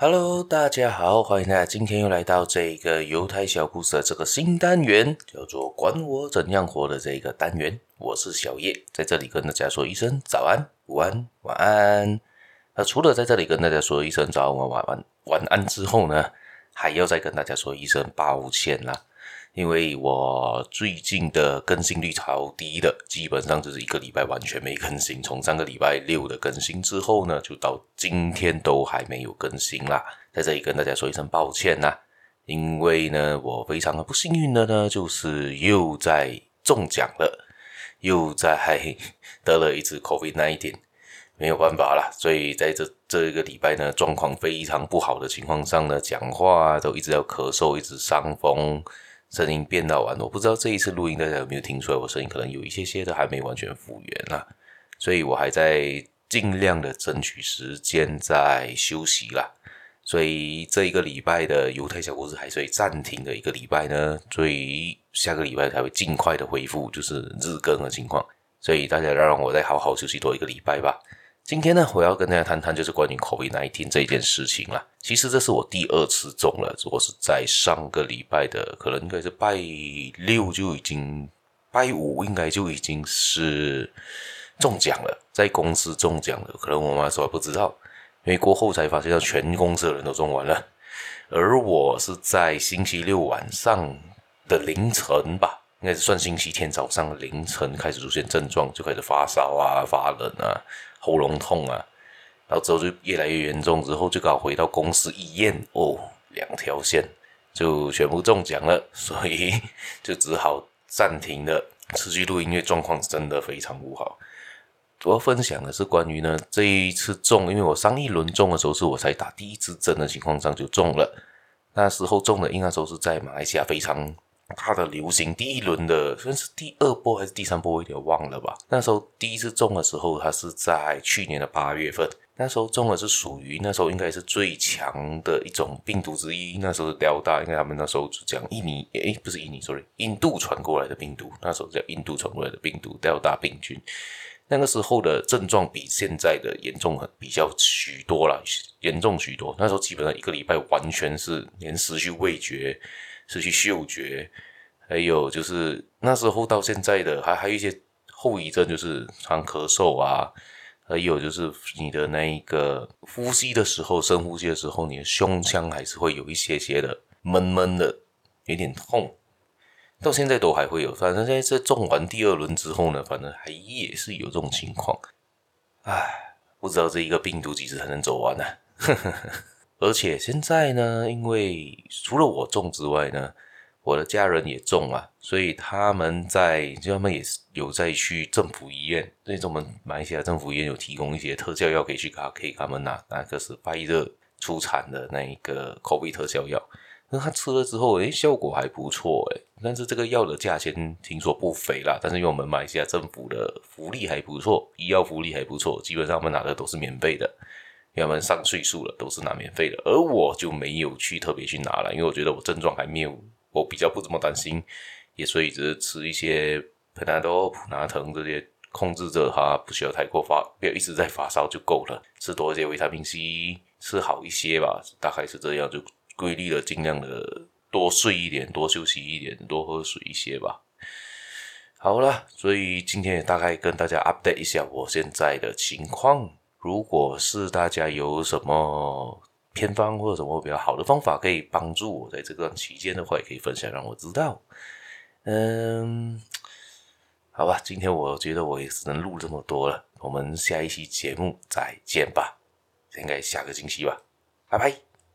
哈嘍，大家好，歡迎大家今天又來到這個猶太小故事的這個新單元，叫做《管我怎樣活》的這個單元。我是小葉，在這裡跟大家說一聲早安、午安、晚安。那除了在這裡跟大家說一聲早安、晚安、晚安之後呢，還要再跟大家說一聲抱歉啦。因為我最近的更新率超低的，基本上就是一個禮拜完全沒更新。從上個禮拜六的更新之後呢，就到今天都還沒有更新啦。在這裡跟大家說一聲抱歉啦，因為呢，我非常的不幸運的呢，就是又在中獎了，又在得了一次 COVID 19，沒有辦法了。所以在這這一個禮拜呢，狀況非常不好的情況上呢，講話都一直要咳嗽，一直傷風。聲音變到完。我不知道這一次錄音大家有沒有聽出來，我聲音可能有一些些的還沒完全復原啊，所以我還在盡量的爭取時間在休息啦，所以這一個禮拜的猶太小故事還是會暫停的一個禮拜呢，所以下個禮拜才會盡快的恢復，就是日更的情況，所以大家讓我再好好休息多一個禮拜吧。今天呢，我要跟大家談談，就是關於 COVID-19 這件事情啦，其實這是我第二次中了，我是在上個禮拜的，可能應該是拜六就已經，拜五應該就已經是中獎了，在公司中獎了。可能我媽說還不知道，因為過後才發現，要全公司的人都中完了，而我是在星期六晚上的凌晨吧。應該是算星期天早上凌晨開始出現症狀，就開始發燒啊、發冷啊、喉嚨痛啊，然後之後就越來越嚴重，之後就搞回到公司一驗，哦，兩條線就全部中獎了，所以就只好暫停了。持續錄音，因為狀況真的非常不好。主要分享的是關於呢，這一次中，因為我上一輪中的時候是我才打第一支針的情況上就中了，那時候中了應該說是在馬來西亞非常。它的流行第一輪的算是第二波還是第三波，我有點忘了吧？那時候第一次中的時候，它是在去年的八月份。那時候中的是屬於那時候應該是最強的一種病毒之一。那時候是 l t 大，因為他們那時候講印尼，哎、欸，不是印尼，sorry，印度傳過來的病毒。那時候叫印度傳過來的病毒，l t 大病菌。那個時候的症狀比現在的嚴重很，比較許多了，嚴重許多。那時候基本上一個禮拜完全是連失去味覺。失去嗅覺，還有就是那時候到現在的還還有一些後遺症，就是常咳嗽啊，還有就是你的那一個呼吸的時候，深呼吸的時候，你的胸腔還是會有一些些的悶悶的，有點痛，到現在都還會有。反正現在這種完第二輪之後呢，反正還也是有這種情況。唉，不知道這一個病毒幾時才能走完呢？啊？ 而且現在呢，因為除了我種之外呢，我的家人也種啊，所以他們在，就他們也是有在去政府醫院，那我們馬來西亞政府醫院有提供一些特效藥可以去給他們拿，那個是拜耳出產的那一個 Covid 特效藥，那他吃了之後，哎、欸，效果還不錯，哎，但是這個藥的價錢聽說不菲啦，但是因為我們馬來西亞政府的福利還不錯，醫藥福利還不錯，基本上我們拿的都是免費的。他們上歲數了，都是拿免費的，而我就沒有去特別去拿了，因為我覺得我症狀還沒有，我比較不怎麼擔心，也所以只是吃一些佩納多普拿疼這些控制着它，不需要太過發，不要一直在發燒就夠了，吃多一些維他命 C 吃好一些吧，大概是這樣，就規律的，盡量的多睡一點，多休息一點，多喝水一些吧。好了，所以今天也大概跟大家 update 一下我現在的情況。如果是大家有什麼偏方或者什麼比較好的方法可以幫助我在這段期間的話，也可以分享讓我知道。嗯，好吧，今天我覺得我也只能錄這麼多了。我們下一期節目再見吧，應該下個星期吧，拜拜。